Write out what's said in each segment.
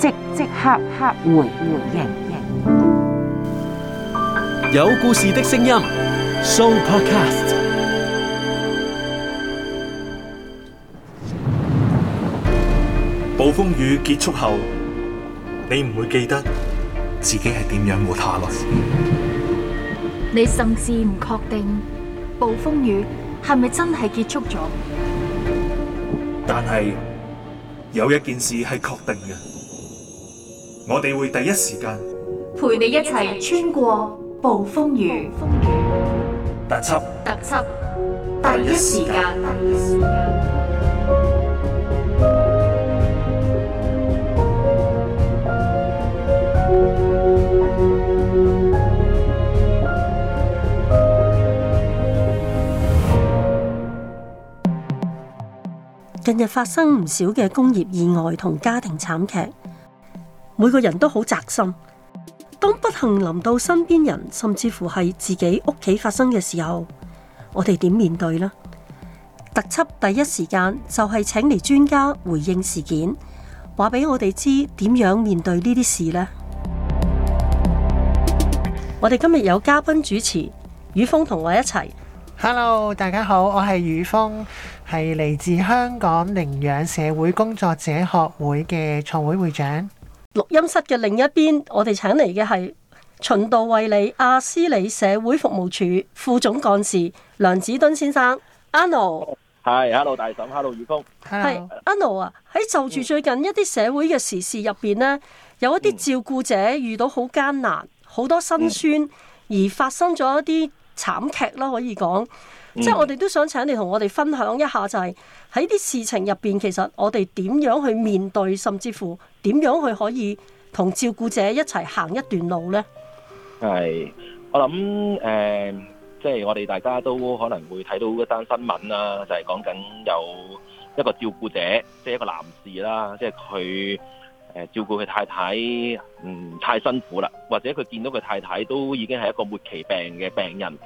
即即刻刻刻回回應，有故事的聲音，So Podcast。暴風雨結束後，你唔會記得自己係點樣活下落。你甚至唔確定暴風雨係咪真係結束咗？但係有一件事係確定嘅。我哋會第一時間陪你一齊穿過暴風雨。特輯，特輯，第一時間。近日發生唔少嘅工業意外同家庭慘劇。每個人都好扎心，當不幸臨到身邊人，甚至乎係自己屋企發生嘅時候，我哋點面對呢？特輯第一時間就係請嚟專家回應事件，話俾我哋知點樣面對呢啲事呢？我哋今日有嘉賓主持，雨峰同我一齊。Hello，大家好，我係雨峰，係嚟自香港寧養社會工作者學會嘅創會會長。錄音室嘅另一邊，我哋請嚟嘅係循道衛理亞斯理社會服務處副總幹事梁子敦先生，Anno，係，Hello 大嬸，Hello 宇峰，係，Anno 啊，喺就住最近一啲社會嘅時事入邊呢有一啲照顧者遇到好艱難，好多辛酸，mm. 而發生咗一啲慘劇啦，可以講。即係我哋都想請你同我哋分享一下，就係喺啲事情入邊，其實我哋點樣去面對，甚至乎點樣去可以同照顧者一齊行一段路呢？係，我諗誒，即係我哋大家都可能會睇到一單新聞啦，就係講緊有一個照顧者，即係一個男士啦，即係佢照顧佢太太，嗯，太辛苦啦，或者佢見到佢太太都已經係一個末期病嘅病人。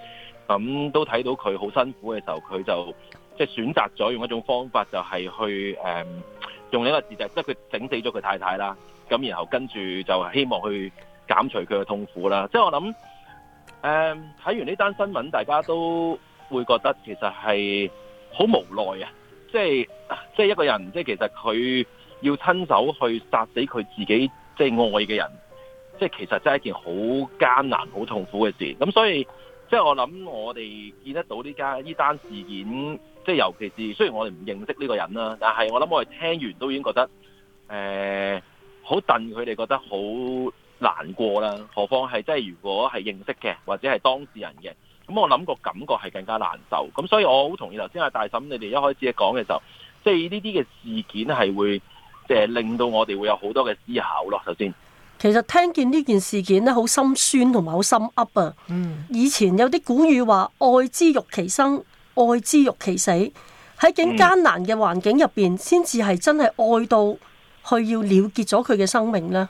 咁、嗯、都睇到佢好辛苦嘅時候，佢就即係、就是、選擇咗用一種方法就、嗯，就係去誒用一個字就即係佢整死咗佢太太啦。咁、嗯、然後跟住就希望去減除佢嘅痛苦啦。即係我諗，誒、嗯、睇完呢單新聞，大家都會覺得其實係好無奈啊！即係即係一個人，即係其實佢要親手去殺死佢自己即係愛嘅人，即係其實真係一件好艱難、好痛苦嘅事。咁、嗯、所以。即係我諗，我哋見得到呢家呢單事件，即係尤其是雖然我哋唔認識呢個人啦，但係我諗我哋聽完都已經覺得，誒、呃，好戥佢哋覺得好難過啦。何況係真係如果係認識嘅，或者係當事人嘅，咁我諗個感覺係更加難受。咁所以我好同意頭先阿大嬸，你哋一開始講嘅時候，即係呢啲嘅事件係會，就是、令到我哋會有好多嘅思考咯。首先。其實聽見呢件事件咧，好心酸同埋好心噏啊！以前有啲古語話愛之欲其生，愛之欲其死。喺咁艱難嘅環境入邊，先至係真係愛到去要了結咗佢嘅生命呢。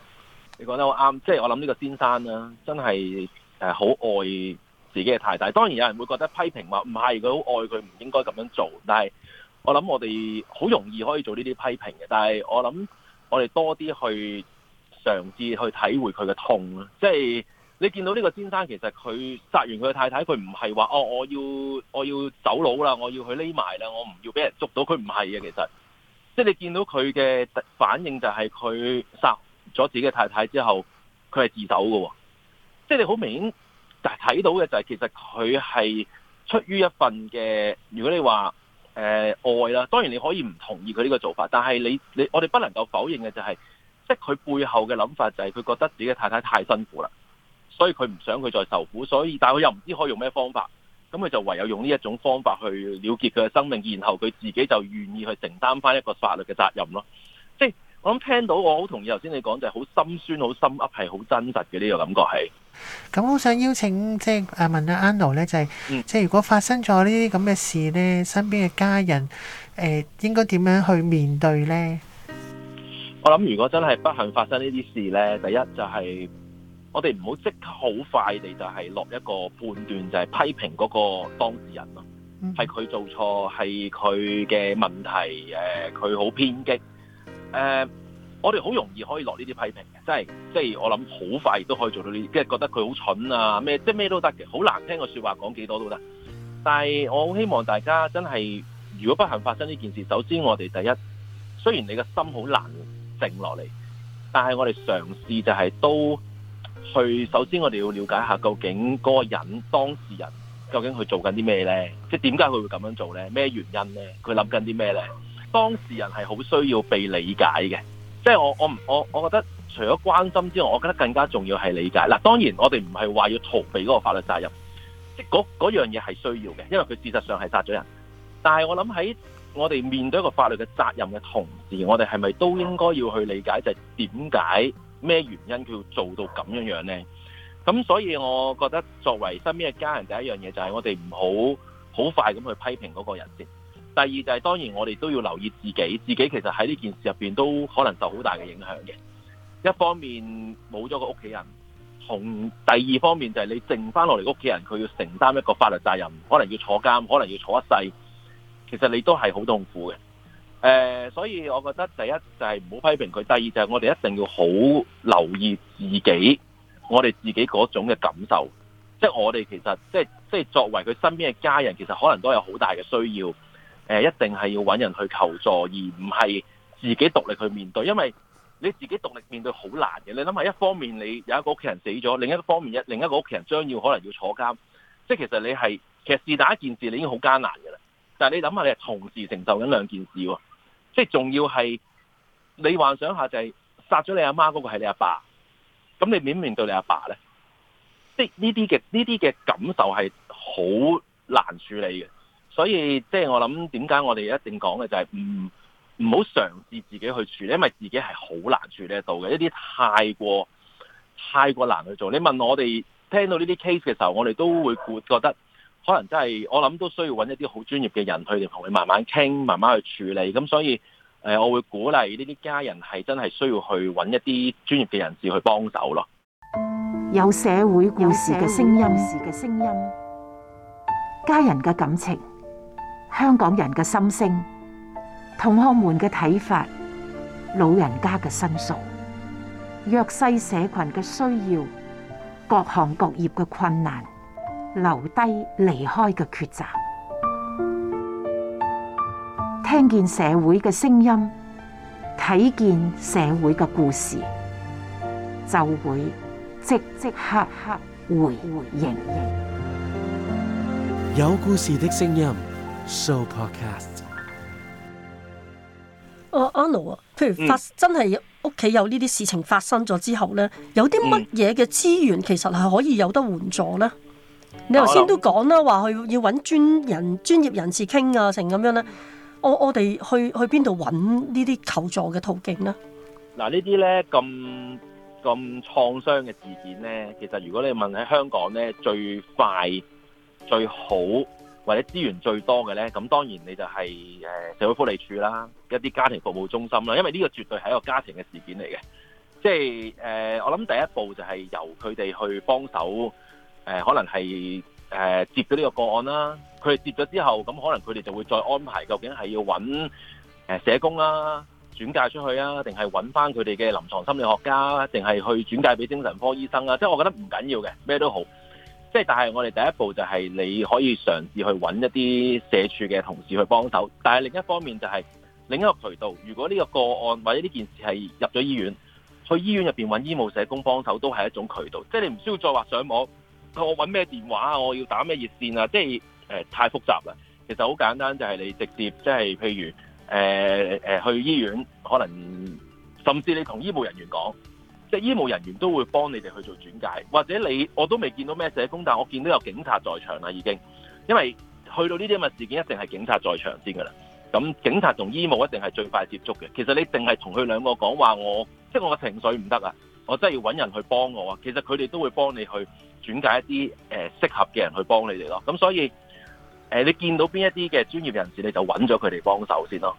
你講得好啱，即係我諗呢個先生啦，真係誒好愛自己嘅太太。當然有人會覺得批評話唔係佢好愛佢，唔應該咁樣做。但係我諗我哋好容易可以做呢啲批評嘅，但係我諗我哋多啲去。嘗試去體會佢嘅痛啊，即係你見到呢個先生其實佢殺完佢嘅太太，佢唔係話哦，我要我要走佬啦，我要去匿埋啦，我唔要俾人捉到。佢唔係嘅，其實即係你見到佢嘅反應就係佢殺咗自己嘅太太之後，佢係自首嘅。即係你好明顯係睇到嘅就係其實佢係出於一份嘅，如果你話誒、呃、愛啦，當然你可以唔同意佢呢個做法，但係你你我哋不能夠否認嘅就係、是。即係佢背後嘅諗法就係佢覺得自己嘅太太太辛苦啦，所以佢唔想佢再受苦，所以但係佢又唔知可以用咩方法，咁佢就唯有用呢一種方法去了結佢嘅生命，然後佢自己就願意去承擔翻一個法律嘅責任咯。即係我諗聽到，我好同意頭先你講，就係好心酸、好心悒，係好真實嘅呢、這個感覺係。咁我想邀請即係誒問下安娜咧，就係即係如果發生咗呢啲咁嘅事呢，身邊嘅家人誒、呃、應該點樣去面對呢？我諗如果真係不幸發生呢啲事呢，第一就係我哋唔好即刻好快地就係落一個判斷，就係、是、批評嗰個當事人咯，係佢做錯，係佢嘅問題，誒佢好偏激，誒、呃、我哋好容易可以落呢啲批評嘅，即係即係我諗好快都可以做到呢，即係覺得佢好蠢啊咩，即係咩都得嘅，好難聽嘅說話講幾多都得。但係我好希望大家真係，如果不幸發生呢件事，首先我哋第一，雖然你個心好難。定落嚟，但係我哋嘗試就係都去，首先我哋要了解下究竟嗰個人當事人究竟佢做緊啲咩咧？即係點解佢會咁樣做咧？咩原因咧？佢諗緊啲咩咧？當事人係好需要被理解嘅，即係我我唔我我覺得除咗關心之外，我覺得更加重要係理解。嗱，當然我哋唔係話要逃避嗰個法律責任，即係嗰嗰樣嘢係需要嘅，因為佢事實上係殺咗人。但係我諗喺。我哋面對一個法律嘅責任嘅同時，我哋係咪都應該要去理解就是為什麼，就係點解咩原因佢要做到咁樣樣呢？咁所以，我覺得作為身邊嘅家人，第一樣嘢就係我哋唔好好快咁去批評嗰個人先。第二就係當然，我哋都要留意自己，自己其實喺呢件事入邊都可能受好大嘅影響嘅。一方面冇咗個屋企人，同第二方面就係你剩翻落嚟嘅屋企人，佢要承擔一個法律責任，可能要坐監，可能要坐一世。其實你都係好痛苦嘅。誒、呃，所以我覺得第一就係唔好批評佢，第二就係我哋一定要好留意自己，我哋自己嗰種嘅感受，即係我哋其實即係即係作為佢身邊嘅家人，其實可能都有好大嘅需要，誒、呃，一定係要揾人去求助，而唔係自己獨立去面對，因為你自己獨立面對好難嘅，你諗下一方面你有一個屋企人死咗，另一方面一另一個屋企人將要可能要坐監，即係其實你係其實是但一件事你已經好艱難嘅啦。但你諗下，你係同時承受緊兩件事喎，即係仲要係你幻想下就係殺咗你阿媽嗰個係你阿爸，咁你點面對你阿爸咧？即係呢啲嘅呢啲嘅感受係好難處理嘅，所以即係我諗點解我哋一定講嘅就係唔唔好嘗試自己去處理，因為自己係好難處理得到嘅一啲太過太過難去做。你問我哋聽到呢啲 case 嘅時候，我哋都會覺得。可能真係，我諗都需要搵一啲好專業嘅人去同佢慢慢傾，慢慢去處理。咁所以，誒，我會鼓勵呢啲家人係真係需要去搵一啲專業嘅人士去幫手咯。有社會故事嘅聲音，時嘅聲音，家人嘅感情，香港人嘅心聲，同學們嘅睇法，老人家嘅申訴，弱勢社群嘅需要，各行各業嘅困難。留低離開嘅抉擇，聽見社會嘅聲音，睇見社會嘅故事，就會即即刻刻回回應應。有故事的聲音，Show Podcast。哦、uh,，Anno 譬如發、mm. 真係屋企有呢啲事情發生咗之後咧，有啲乜嘢嘅資源其實係可以有得援助咧？你頭先都講啦，話去要揾專人專業人士傾啊，成咁樣啦。我我哋去去邊度揾呢啲求助嘅途徑呢？嗱，呢啲呢咁咁創傷嘅事件呢，其實如果你問喺香港呢，最快最好或者資源最多嘅呢，咁當然你就係誒社會福利署啦，一啲家庭服務中心啦，因為呢個絕對係一個家庭嘅事件嚟嘅。即係呃，我諗第一步就係由佢哋去幫手。誒可能係誒接咗呢個個案啦，佢接咗之後，咁可能佢哋就會再安排究竟係要揾社工啦，轉介出去啊，定係揾翻佢哋嘅臨床心理學家，定係去轉介俾精神科醫生啊？即係我覺得唔緊要嘅，咩都好。即係但係我哋第一步就係你可以嘗試去揾一啲社署嘅同事去幫手，但係另一方面就係、是、另一個渠道。如果呢個個案或者呢件事係入咗醫院，去醫院入面揾醫務社工幫手都係一種渠道，即係你唔需要再話上網。我揾咩電話啊？我要打咩熱線啊？即係、呃、太複雜啦。其實好簡單，就係你直接即係譬如誒誒、呃呃、去醫院，可能甚至你同醫務人員講，即係醫務人員都會幫你哋去做轉介，或者你我都未見到咩社工，但係我見到有警察在場啦已經，因為去到呢啲咁嘅事件一定係警察在場先㗎啦。咁警察同醫務一定係最快接觸嘅。其實你淨係同佢兩個講話，說我即係、就是、我嘅情緒唔得啊！我真係要揾人去幫我，其實佢哋都會幫你去轉介一啲誒適合嘅人去幫你哋咯。咁所以誒，你見到邊一啲嘅專業人士，你就揾咗佢哋幫手先咯。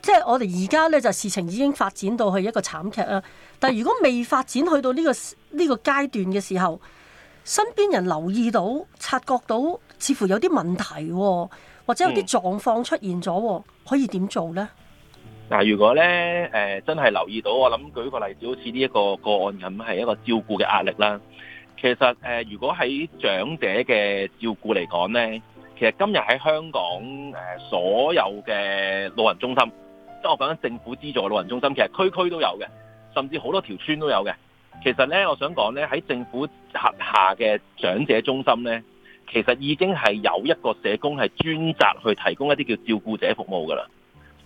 即係我哋而家呢，就是、事情已經發展到去一個慘劇啦。但係如果未發展去到呢、呢個呢、呢個階段嘅時候，身邊人留意到、察覺到，似乎有啲問題、哦，或者有啲狀況出現咗、嗯，可以點做呢？嗱，如果咧誒、呃、真係留意到，我諗舉個例子，好似呢一個個案咁，係一個照顧嘅壓力啦。其實誒、呃，如果喺長者嘅照顧嚟講呢，其實今日喺香港、呃、所有嘅老人中心，即係我講緊政府資助老人中心，其實區區都有嘅，甚至好多條村都有嘅。其實呢，我想講呢，喺政府轄下嘅長者中心呢，其實已經係有一個社工係專責去提供一啲叫照顧者服務㗎啦。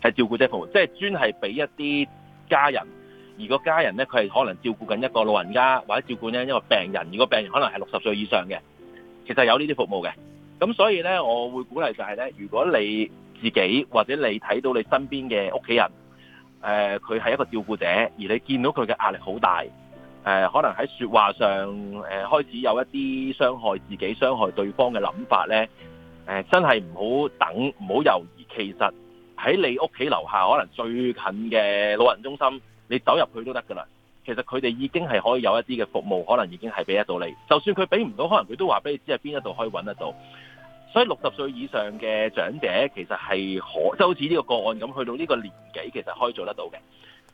係照顧者服務，即係專係俾一啲家人。而個家人呢，佢係可能照顧緊一個老人家，或者照顧緊一個病人。而個病人可能係六十歲以上嘅，其實有呢啲服務嘅。咁所以呢，我會鼓勵就係、是、呢：如果你自己或者你睇到你身邊嘅屋企人，誒、呃，佢係一個照顧者，而你見到佢嘅壓力好大，誒、呃，可能喺說話上，誒、呃，開始有一啲傷害自己、傷害對方嘅諗法呢，誒、呃，真係唔好等，唔好猶豫，其實。喺你屋企樓下，可能最近嘅老人中心，你走入去都得噶啦。其實佢哋已經係可以有一啲嘅服務，可能已經係俾得到你。就算佢俾唔到，可能佢都話俾你知係邊一度可以揾得到。所以六十歲以上嘅長者其實係可即好似呢個個案咁，去到呢個年紀其實可以做得到嘅。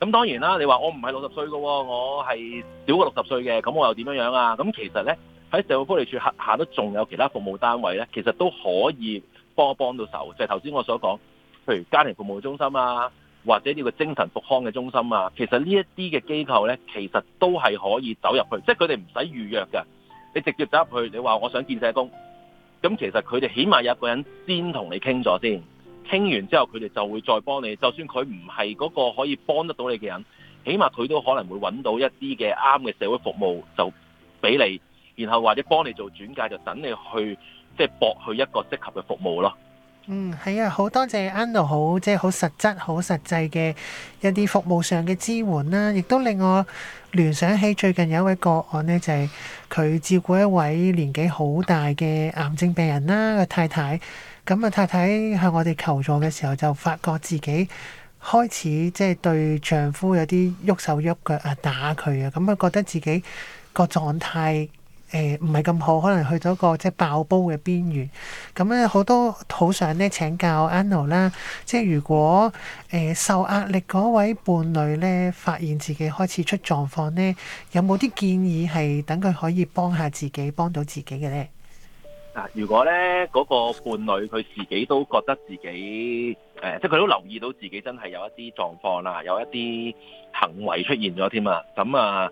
咁當然啦，你話我唔係六十歲噶，我係少過六十歲嘅，咁我又點樣樣啊？咁其實呢，喺社會福利署轄下都仲有其他服務單位呢，其實都可以幫我幫到手。就係頭先我所講。譬如家庭服務中心啊，或者呢個精神復康嘅中心啊，其實呢一啲嘅機構呢，其實都係可以走入去，即係佢哋唔使預約嘅，你直接走入去，你話我想見社工，咁其實佢哋起碼有一個人先同你傾咗先，傾完之後佢哋就會再幫你，就算佢唔係嗰個可以幫得到你嘅人，起碼佢都可能會揾到一啲嘅啱嘅社會服務就俾你，然後或者幫你做轉介，就等你去即係駁去一個適合嘅服務咯。嗯，係啊，好多謝 Anna 好，即係好實質、好實際嘅一啲服務上嘅支援啦，亦都令我聯想起最近有一位個案呢就係、是、佢照顧一位年紀好大嘅癌症病人啦，個太太咁啊，太太向我哋求助嘅時候，就發覺自己開始即係對丈夫有啲喐手喐腳啊，打佢啊，咁啊，覺得自己個狀態誒唔係咁好，可能去咗個即係爆煲嘅邊緣。咁咧，好多好想咧請教 Anno 啦，即係如果誒、呃、受壓力嗰位伴侶咧，發現自己開始出狀況咧，有冇啲建議係等佢可以幫下自己，幫到自己嘅咧？如果咧嗰、那個伴侶佢自己都覺得自己誒、呃，即係佢都留意到自己真係有一啲狀況啦，有一啲行為出現咗添啊，咁啊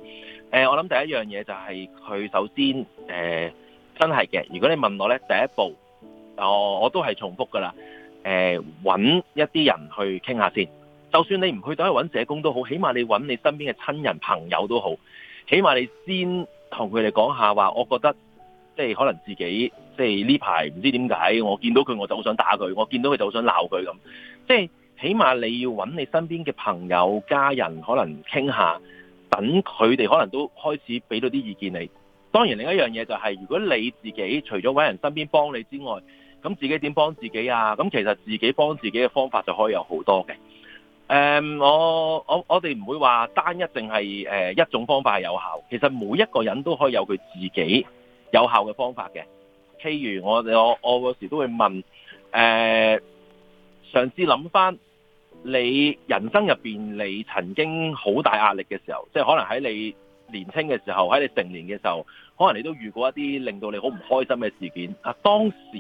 誒，我諗第一樣嘢就係、是、佢首先誒、呃、真係嘅。如果你問我咧，第一步，哦，我都係重複㗎啦，誒、呃、揾一啲人去傾下先。就算你唔去到去揾社工都好，起碼你揾你身邊嘅親人朋友都好，起碼你先同佢哋講下話，我覺得。即係可能自己，即係呢排唔知點解，我見到佢我就好想打佢，我見到佢就好想鬧佢咁。即係起碼你要揾你身邊嘅朋友、家人，可能傾下，等佢哋可能都開始俾到啲意見你。當然另一樣嘢就係，如果你自己除咗揾人身邊幫你之外，咁自己點幫自己啊？咁其實自己幫自己嘅方法就可以有好多嘅。誒，我我我哋唔會話單一淨係，呃，一種方法係有效。其實每一個人都可以有佢自己。有效嘅方法嘅，譬如我我我有時都會問，誒、呃，嘗試諗翻你人生入邊你曾經好大壓力嘅時候，即係可能喺你年青嘅時候，喺你成年嘅時候，可能你都遇過一啲令到你好唔開心嘅事件啊，當時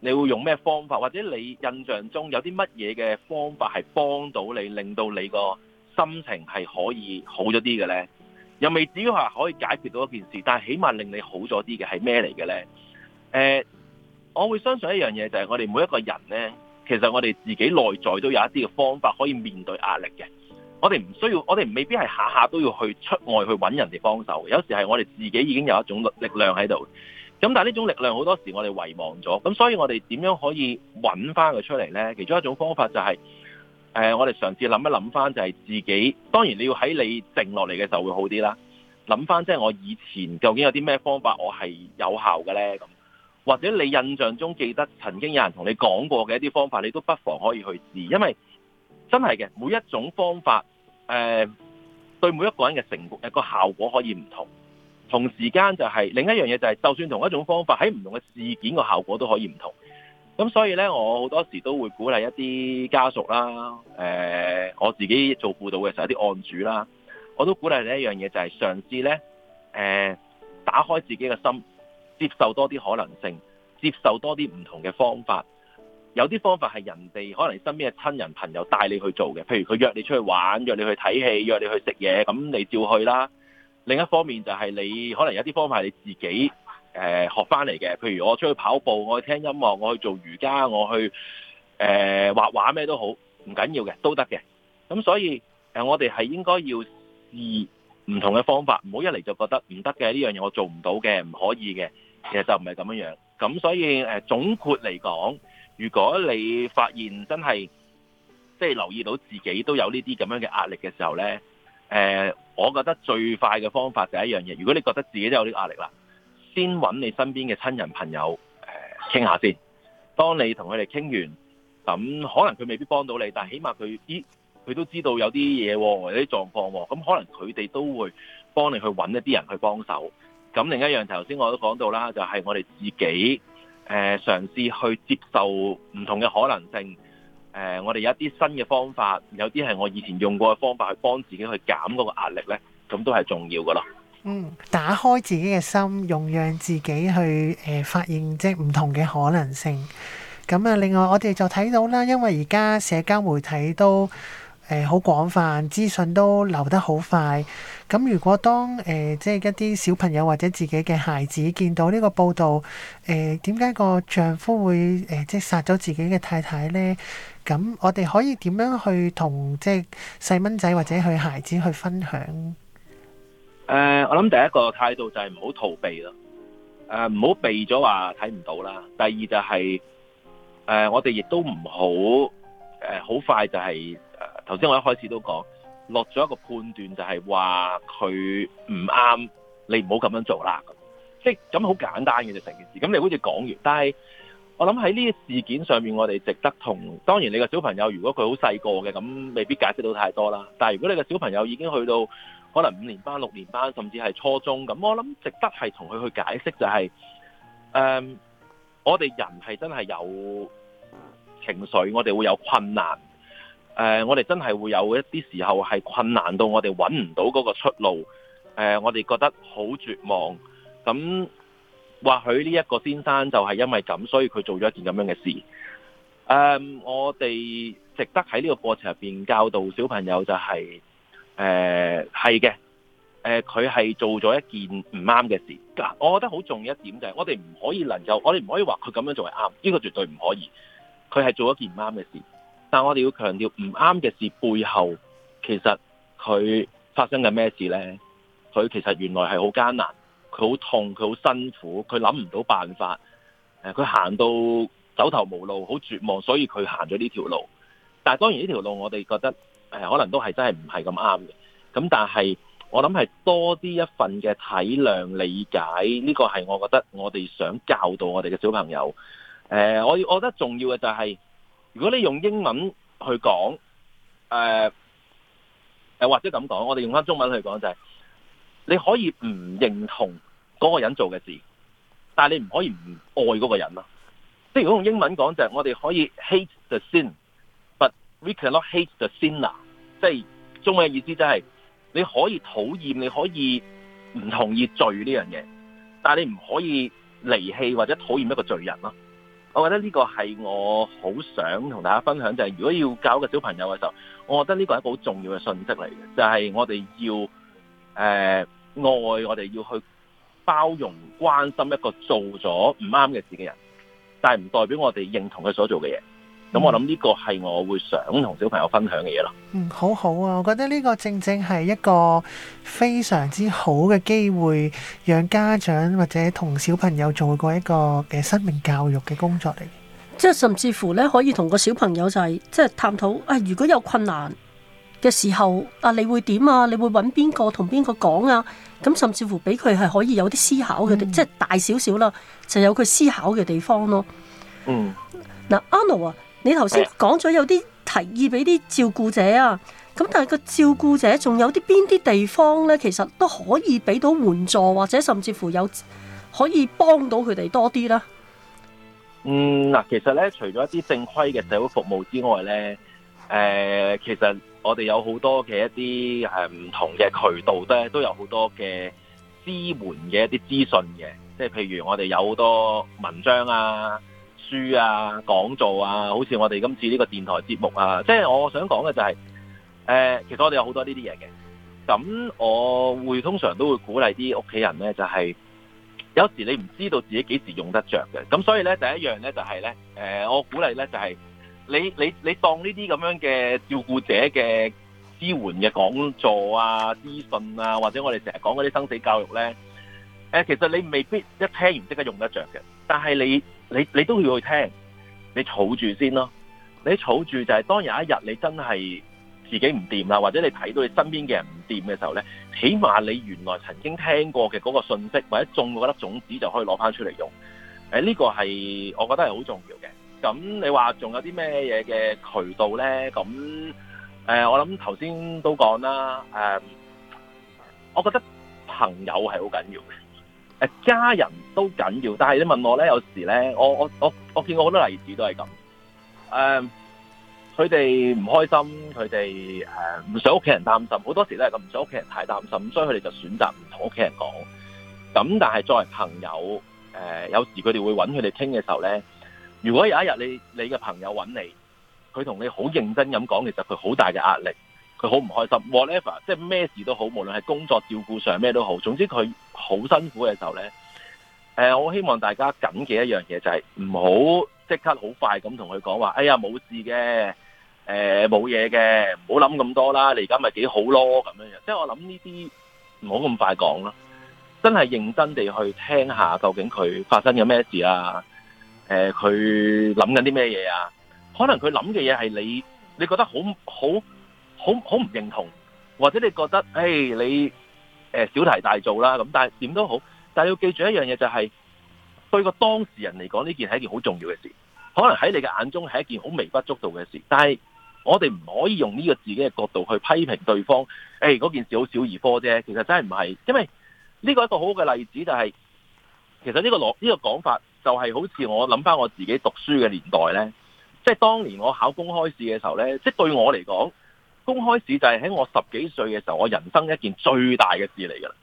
你會用咩方法，或者你印象中有啲乜嘢嘅方法係幫到你，令到你個心情係可以好咗啲嘅咧？又未至於話可以解決到一件事，但係起碼令你好咗啲嘅係咩嚟嘅呢？誒、呃，我會相信一樣嘢就係我哋每一個人呢，其實我哋自己內在都有一啲嘅方法可以面對壓力嘅。我哋唔需要，我哋未必係下下都要去出外去揾人哋幫手，有時係我哋自己已經有一種力量喺度。咁但係呢種力量好多時我哋遺忘咗，咁所以我哋點樣可以揾翻佢出嚟呢？其中一種方法就係、是。誒、呃，我哋嘗試諗一諗翻，就係自己。當然你要喺你靜落嚟嘅時候會好啲啦。諗翻即係我以前究竟有啲咩方法，我係有效嘅呢？咁。或者你印象中記得曾經有人同你講過嘅一啲方法，你都不妨可以去試，因為真係嘅每一種方法，誒、呃、對每一個人嘅成果一個效果可以唔同。同時間就係、是、另一樣嘢就係、是，就算同一種方法喺唔同嘅事件個效果都可以唔同。咁所以咧，我好多時都會鼓勵一啲家屬啦，誒、呃，我自己做輔導嘅時候，一啲案主啦，我都鼓勵你一樣嘢，就係嘗試呢，誒、呃，打開自己嘅心，接受多啲可能性，接受多啲唔同嘅方法。有啲方法係人哋可能身邊嘅親人朋友帶你去做嘅，譬如佢約你出去玩，約你去睇戲，約你去食嘢，咁你照去啦。另一方面就係你可能有啲方法係你自己。誒學翻嚟嘅，譬如我出去跑步，我去聽音樂，我去做瑜伽，我去誒、呃、畫畫，咩都好，唔緊要嘅，都得嘅。咁所以誒我哋係應該要試唔同嘅方法，唔好一嚟就覺得唔得嘅呢樣嘢，我做唔到嘅，唔可以嘅。其實就唔係咁樣。咁所以誒總括嚟講，如果你發現真係即係留意到自己都有呢啲咁樣嘅壓力嘅時候呢，誒、呃，我覺得最快嘅方法就係一樣嘢。如果你覺得自己都有啲壓力啦。先揾你身邊嘅親人朋友誒傾、呃、下先。當你同佢哋傾完，咁可能佢未必幫到你，但起碼佢啲佢都知道有啲嘢喎，或者啲狀況喎，咁可能佢哋都會幫你去揾一啲人去幫手。咁另一樣頭先我都講到啦，就係、是、我哋自己誒、呃、嘗試去接受唔同嘅可能性。呃、我哋有一啲新嘅方法，有啲係我以前用過嘅方法去幫自己去減嗰個壓力呢，咁都係重要噶咯。嗯，打開自己嘅心，用讓自己去誒、呃、發現即係唔同嘅可能性。咁啊，另外我哋就睇到啦，因為而家社交媒體都誒好、呃、廣泛，資訊都流得好快。咁如果當誒、呃、即係一啲小朋友或者自己嘅孩子見到呢個報道，誒點解個丈夫會誒、呃、即係殺咗自己嘅太太呢？咁我哋可以點樣去同即係細蚊仔或者佢孩子去分享？誒、呃，我諗第一個態度就係唔好逃避咯，誒唔好避咗話睇唔到啦。第二就係，誒、呃、我哋亦都唔好，誒、呃、好快就係，呃、頭先我一開始都講，落咗一個判斷就係話佢唔啱，你唔好咁樣做啦。即係咁好簡單嘅就成件事。咁你好似講完，但係我諗喺呢啲事件上面，我哋值得同，當然你個小朋友如果佢好細個嘅，咁未必解釋到太多啦。但係如果你個小朋友已經去到，可能五年班、六年班，甚至係初中，咁我諗值得係同佢去解釋就係、是、誒、嗯，我哋人係真係有情緒，我哋會有困難誒、嗯，我哋真係會有一啲時候係困難到我哋揾唔到嗰個出路，誒、嗯，我哋覺得好絕望，咁或許呢一個先生就係因為咁，所以佢做咗一件咁樣嘅事。誒、嗯，我哋值得喺呢個過程入邊教導小朋友就係、是、誒。嗯係嘅，誒、呃，佢係做咗一件唔啱嘅事。我覺得好重要一點就係，我哋唔可以能夠，我哋唔可以話佢咁樣做係啱，呢個絕對唔可以。佢係做咗一件唔啱嘅事，但我哋要強調，唔啱嘅事背後其實佢發生緊咩事呢？佢其實原來係好艱難，佢好痛，佢好辛苦，佢諗唔到辦法。呃，佢行到走投無路，好絕望，所以佢行咗呢條路。但係當然呢條路，我哋覺得誒、呃，可能都係真係唔係咁啱嘅。咁但係我諗係多啲一份嘅體諒、理解，呢個係我覺得我哋想教導我哋嘅小朋友。誒，我我覺得重要嘅就係，如果你用英文去講，誒誒或者咁講，我哋用翻中文去講就係，你可以唔認同嗰個人做嘅事，但係你唔可以唔愛嗰個人咯。即係如果用英文講就係，我哋可以 hate the sin，but we cannot hate the sinner。即係中文嘅意思就係。你可以討厭，你可以唔同意罪呢樣嘢，但係你唔可以離棄或者討厭一個罪人咯。我覺得呢個係我好想同大家分享，就係、是、如果要教個小朋友嘅時候，我覺得呢個係一個好重要嘅信息嚟嘅，就係、是、我哋要誒、呃、愛我哋要去包容、關心一個做咗唔啱嘅自己人，但係唔代表我哋認同佢所做嘅嘢。咁我諗呢個係我會想同小朋友分享嘅嘢咯。嗯，好好啊，我覺得呢個正正係一個非常之好嘅機會，讓家長或者同小朋友做過一個嘅生命教育嘅工作嚟。即係甚至乎咧，可以同個小朋友就係、是、即係探討，誒、哎，如果有困難嘅時候，你會怎樣啊，你會點啊？你會揾邊個同邊個講啊？咁甚至乎俾佢係可以有啲思考嘅，嗯、即係大少少啦，就有佢思考嘅地方咯。嗯，嗱 Anno 啊。你頭先講咗有啲提議俾啲照顧者啊，咁但係個照顧者仲有啲邊啲地方呢？其實都可以俾到援助，或者甚至乎有可以幫到佢哋多啲啦。嗯，嗱，其實呢，除咗一啲正規嘅社會服務之外呢，誒、呃，其實我哋有好多嘅一啲誒唔同嘅渠道咧，都有好多嘅支援嘅一啲資訊嘅，即係譬如我哋有好多文章啊。書啊、講座啊，好似我哋今次呢個電台節目啊，即係我想講嘅就係，呃，其實我哋有好多呢啲嘢嘅。咁我會通常都會鼓勵啲屋企人呢，就係有時你唔知道自己幾時用得着嘅。咁所以呢，第一樣呢就係呢，呃，我鼓勵呢就係你你你當呢啲咁樣嘅照顧者嘅支援嘅講座啊、資訊啊，或者我哋成日講嗰啲生死教育呢，呃，其實你未必一聽完即刻用得着嘅，但係你，你你都要去聽，你儲住先咯。你儲住就係當有一日你真係自己唔掂啦，或者你睇到你身邊嘅人唔掂嘅時候呢，起碼你原來曾經聽過嘅嗰個信息或者種嗰粒種子就可以攞翻出嚟用。誒，呢個係我覺得係好重要嘅。咁你話仲有啲咩嘢嘅渠道呢？咁誒、呃、我諗頭先都講啦。誒、呃、我覺得朋友係好緊要嘅。家人都緊要，但係你問我咧，有時咧，我我我我見過好多例子都係咁。誒，佢哋唔開心，佢哋誒唔想屋企人擔心，好多時咧，咁唔想屋企人太擔心，所以佢哋就選擇唔同屋企人講。咁但係作為朋友，呃、有時佢哋會揾佢哋傾嘅時候咧，如果有一日你你嘅朋友揾你，佢同你好認真咁講，其實佢好大嘅壓力。佢好唔開心，whatever，即係咩事都好，無論係工作照顧上咩都好，總之佢好辛苦嘅時候呢，誒，我希望大家謹記一樣嘢就係唔好即刻好快咁同佢講話，哎呀冇事嘅，誒冇嘢嘅，唔好諗咁多啦，你而家咪幾好咯，咁樣樣，即係我諗呢啲唔好咁快講咯，真係認真地去聽下究竟佢發生咗咩事啊，誒，佢諗緊啲咩嘢啊？可能佢諗嘅嘢係你，你覺得好好。好好唔認同，或者你覺得誒、欸、你誒、欸、小題大做啦咁，但係點都好，但係要記住一樣嘢就係、是、對個當事人嚟講呢件係一件好重要嘅事，可能喺你嘅眼中係一件好微不足道嘅事，但係我哋唔可以用呢個自己嘅角度去批評對方，誒、欸、嗰件事好小兒科啫，其實真係唔係，因為呢個一個好好嘅例子就係、是，其實呢、這個落呢、這個講法就係好似我諗翻我自己讀書嘅年代呢，即、就、係、是、當年我考公開試嘅時候呢，即、就、係、是、對我嚟講。公開試就係喺我十幾歲嘅時候，我人生一件最大嘅事嚟噶啦。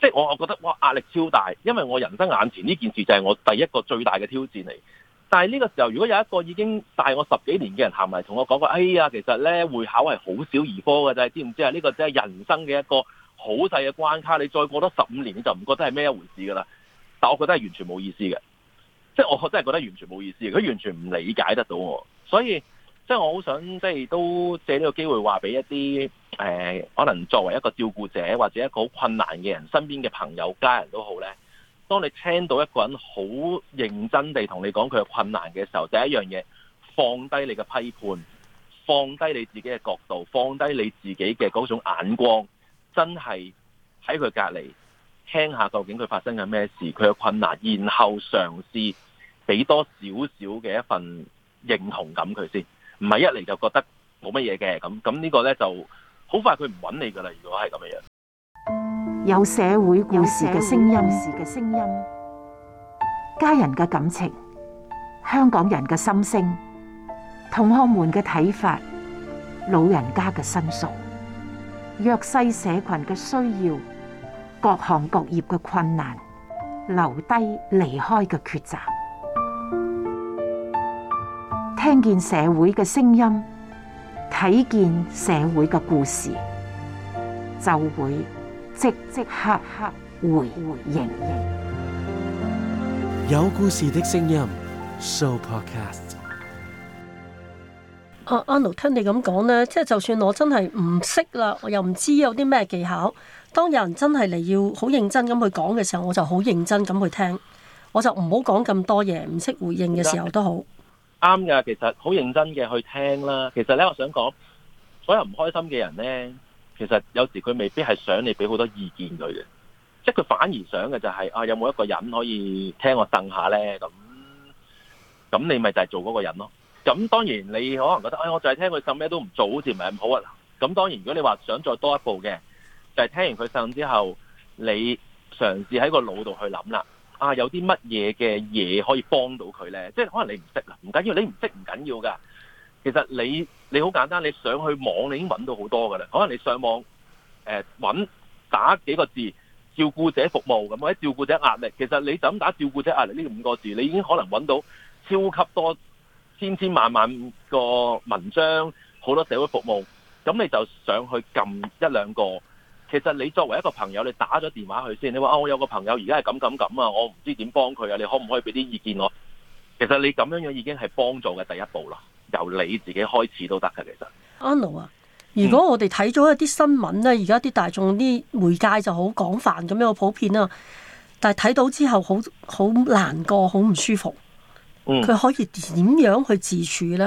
即係我覺得哇壓力超大，因為我人生眼前呢件事就係我第一個最大嘅挑戰嚟。但係呢個時候，如果有一個已經大我十幾年嘅人行埋同我講過哎呀，其實咧會考係好小兒科嘅，就係知唔知啊？呢個即係人生嘅一個好細嘅關卡，你再過多十五年，你就唔覺得係咩一回事噶啦。但我覺得係完全冇意思嘅，即係我真係覺得完全冇意思。佢完全唔理解得到我，所以。即係我好想，即係都借呢個機會話俾一啲誒、呃，可能作為一個照顧者或者一個好困難嘅人身邊嘅朋友、家人都好咧。當你聽到一個人好認真地同你講佢嘅困難嘅時候，第、就係、一樣嘢放低你嘅批判，放低你自己嘅角度，放低你自己嘅嗰種眼光，真係喺佢隔離聽下究竟佢發生緊咩事，佢嘅困難，然後嘗試俾多少少嘅一份認同感佢先。唔係一嚟就覺得冇乜嘢嘅，咁咁呢個咧就好快佢唔搵你噶啦，如果係咁嘅樣。有社會故事嘅聲音，時嘅聲音，家人嘅感情，香港人嘅心聲，同學們嘅睇法，老人家嘅申訴，弱勢社群嘅需要，各行各業嘅困難，留低離開嘅抉擇。聽見社會嘅聲音，睇見社會嘅故事，就會即即刻刻回回應。有故事的聲音，So Podcast。阿安奴，聽你咁講呢，即係就算我真係唔識啦，我又唔知有啲咩技巧。當有人真係嚟，要好認真咁去講嘅時候，我就好認真咁去聽。我就唔好講咁多嘢，唔識回應嘅時候都好。啱㗎，其實好認真嘅去聽啦。其實呢，我想講，所有唔開心嘅人呢，其實有時佢未必係想你俾好多意見佢嘅，即係佢反而想嘅就係、是、啊，有冇一個人可以聽我呻下呢？」咁咁你咪就係做嗰個人咯。咁當然你可能覺得，哎，我就係聽佢呻，咩都唔做好似唔係咁好啊。咁當然如果你話想再多一步嘅，就係、是、聽完佢呻之後，你嘗試喺個腦度去諗啦。啊！有啲乜嘢嘅嘢可以幫到佢呢？即係可能你唔識啦，唔緊要，你唔識唔緊要噶。其實你你好簡單，你上去網你已經揾到好多噶啦。可能你上網呃、揾、打幾個字，照顧者服務咁，或者照顧者壓力。其實你就咁打照顧者壓力呢五個字，你已經可能揾到超級多千千萬萬個文章，好多社會服務。咁你就上去撳一兩個。其實你作為一個朋友，你打咗電話去先，你話啊，我有個朋友而家係咁咁咁啊，我唔知點幫佢啊，你可唔可以俾啲意見我？其實你咁樣樣已經係幫助嘅第一步啦，由你自己開始都得㗎。其實 Anno 啊，Hello，如果我哋睇咗一啲新聞咧，而家啲大眾啲媒介，就好廣泛咁樣普遍啊，但係睇到之後好好難過，好唔舒服。佢，嗯、可以點樣去自處咧？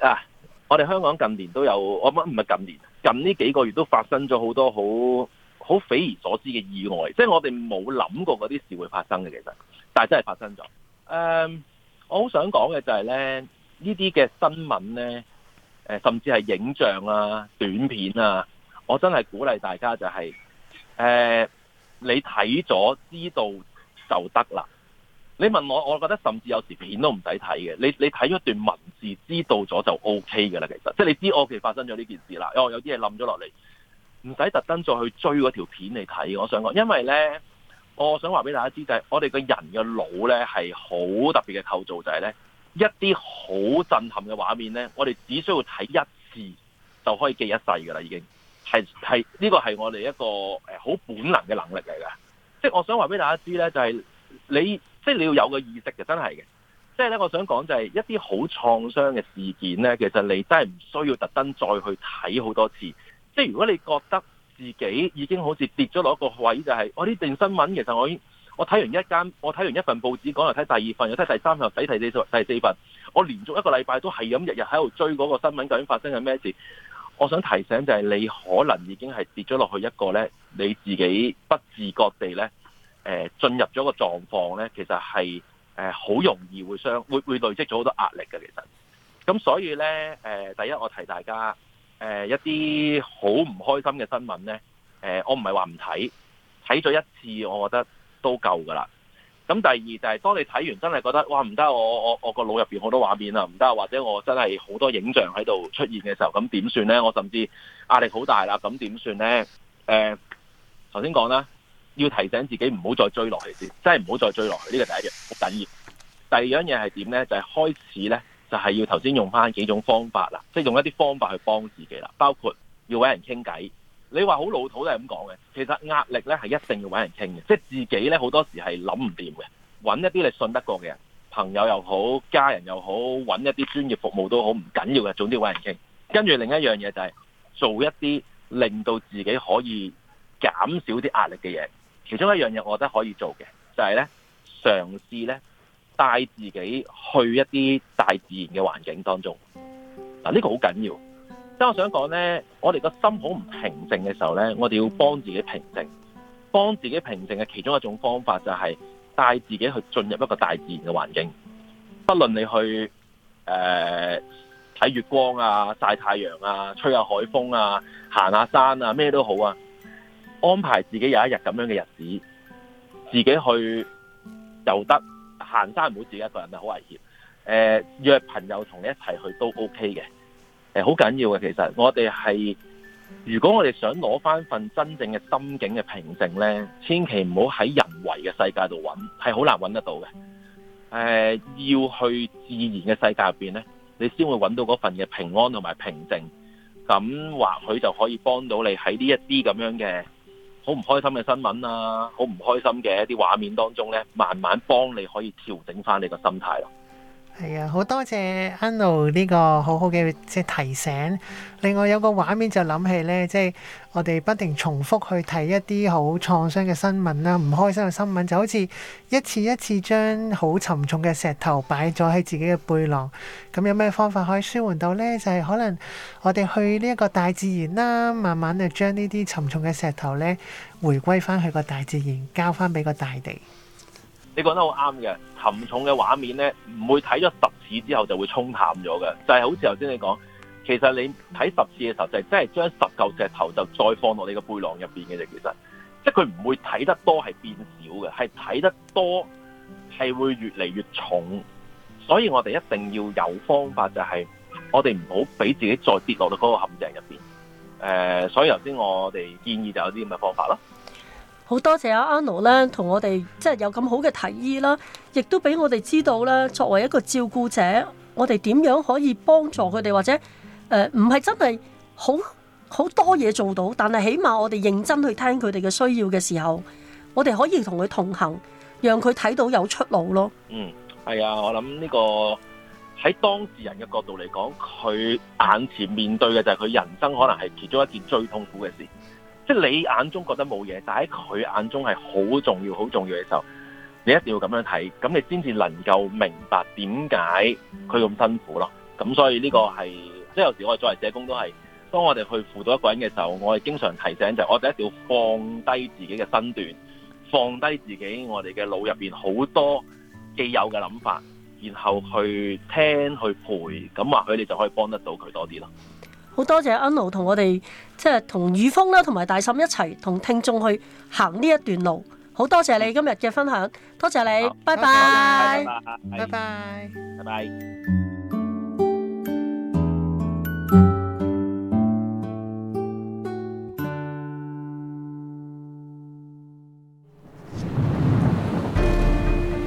啊，我哋香港近年都有，我諗唔係近年？近呢幾個月都發生咗好多好好匪夷所思嘅意外，即係我哋冇諗過嗰啲事會發生嘅，其實，但係真係發生咗。誒、um, 就是，我好想講嘅就係咧，呢啲嘅新聞咧，甚至係影像啊、短片啊，我真係鼓勵大家就係、是，誒、uh，你睇咗知道就得啦。你問我，我覺得甚至有時片都唔使睇嘅。你你睇一段文字，知道咗就 O K 㗎啦。其實，即係你知我屋企發生咗呢件事啦。有啲嘢冧咗落嚟，唔使特登再去追嗰條片嚟睇。我想講，因為呢，我想話俾大家知就係、是，我哋個人嘅腦呢係好特別嘅構造、就是，就係呢一啲好震撼嘅畫面呢，我哋只需要睇一次就可以記一世噶啦，已經係係呢個係我哋一個誒好本能嘅能力嚟嘅。即係我想話俾大家知、就、呢、是，就係你。即係你要有個意識嘅，真係嘅。即係咧，我想講就係、是、一啲好創傷嘅事件呢，其實你真係唔需要特登再去睇好多次。即係如果你覺得自己已經好似跌咗落一個位、就是，就係我呢段新聞其實我已經我睇完一間，我睇完一份報紙，講嚟睇第二份，又睇第三份，睇第四份，第四份，我連續一個禮拜都係咁日日喺度追嗰個新聞，究竟發生緊咩事？我想提醒就係、是、你可能已經係跌咗落去一個呢你自己不自覺地呢。誒，進入咗個狀況呢，其實係誒好容易會傷，會會累積咗好多壓力嘅。其實，咁所以呢，誒，第一我提大家，誒，一啲好唔開心嘅新聞呢，誒，我唔係話唔睇，睇咗一次我覺得都夠噶啦。咁第二就係、是、當你睇完真係覺得，哇，唔得，我我我個腦入邊好多畫面啊，唔得，或者我真係好多影像喺度出現嘅時候，咁點算呢？我甚至壓力好大啦，咁點算呢？誒、呃，頭先講啦。要提醒自己唔好再追落去先，真係唔好再追落去。呢個第一樣好緊要。第二樣嘢係點咧？就係開始咧，就係要頭先用翻幾種方法啦，即係用一啲方法去幫自己啦。包括要揾人傾偈。你話好老土都係咁講嘅。其實壓力咧係一定要揾人傾嘅，即係自己咧好多時係諗唔掂嘅。揾一啲你信得過嘅人，朋友又好，家人又好，揾一啲專業服務都好，唔緊要嘅，總之揾人傾。跟住另一樣嘢就係做一啲令到自己可以減少啲壓力嘅嘢。其中一樣嘢我覺得可以做嘅，就係、是、咧嘗試咧帶自己去一啲大自然嘅環境當中。嗱、這、呢個好緊要，即係我想講咧，我哋個心好唔平靜嘅時候咧，我哋要幫自己平靜。幫自己平靜嘅其中一種方法就係帶自己去進入一個大自然嘅環境。不論你去誒睇、呃、月光啊、曬太陽啊、吹下海風啊、行下山啊，咩都好啊。安排自己有一日咁樣嘅日子，自己去又得，行山唔好自己一個人啊，好危險。誒、呃，約朋友同你一齊去都 OK 嘅。誒、呃，好緊要嘅。其實我哋係如果我哋想攞翻份真正嘅心境嘅平靜呢，千祈唔好喺人為嘅世界度揾，係好難揾得到嘅。誒、呃，要去自然嘅世界入邊呢，你先會揾到嗰份嘅平安同埋平靜。咁或許就可以幫到你喺呢一啲咁樣嘅。好唔開心嘅新聞啊，好唔開心嘅一啲畫面當中咧，慢慢幫你可以調整返你個心態啦。係啊，好多謝 Anno 呢個好好嘅即係提醒。另外有個畫面就諗起呢，即係我哋不停重複去睇一啲好創傷嘅新聞啦，唔開心嘅新聞，就好似一次一次將好沉重嘅石頭擺咗喺自己嘅背囊。咁有咩方法可以舒緩到呢？就係可能我哋去呢一個大自然啦，慢慢就將呢啲沉重嘅石頭呢，回歸翻去個大自然，交翻俾個大地。你講得好啱嘅，沉重嘅畫面呢，唔會睇咗十次之後就會沖淡咗嘅，就係好似頭先你講，其實你睇十次嘅時候，就係真係將十嚿石頭就再放落你個背囊入面嘅啫。其實，即係佢唔會睇得多係變少嘅，係睇得多係會越嚟越重，所以我哋一定要有方法，就係我哋唔好俾自己再跌落到嗰個陷阱入面。呃，所以頭先我哋建議就有啲咁嘅方法咯。好多謝阿 Anno 咧，同我哋即係有咁好嘅提議啦，亦都俾我哋知道咧，作為一個照顧者，我哋點樣可以幫助佢哋，或者誒唔係真係好好多嘢做到，但係起碼我哋認真去聽佢哋嘅需要嘅時候，我哋可以同佢同行，讓佢睇到有出路咯。嗯，係啊，我諗呢個喺當事人嘅角度嚟講，佢眼前面對嘅就係佢人生可能係其中一件最痛苦嘅事。即係你眼中覺得冇嘢，但喺佢眼中係好重要、好重要嘅時候，你一定要咁樣睇，咁你先至能夠明白點解佢咁辛苦咯。咁所以呢個係即係有時我哋作為社工都係，當我哋去輔導一個人嘅時候，我哋經常提醒就係，我哋一定要放低自己嘅身段，放低自己我哋嘅腦入面好多既有嘅諗法，然後去聽、去陪，咁或許你就可以幫得到佢多啲咯。好多謝安老同我哋即係同宇峰啦，同埋大嬸一齊同聽眾去行呢一段路。好多謝你今日嘅分享，多謝你，拜拜，拜拜，拜拜，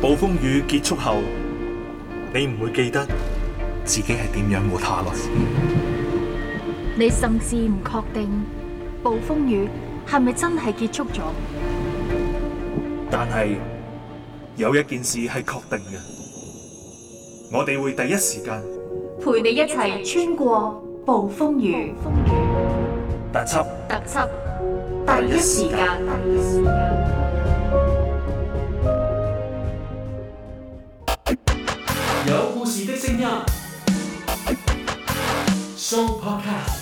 暴風雨結束後，你唔會記得自己係點樣活下落。你甚至唔確定暴風雨係咪真係結束咗？但係有一件事係確定嘅，我哋會第一時間陪你一齊穿過暴風雨。特輯，特輯，第一時間。有故事的聲音，Sound Podcast。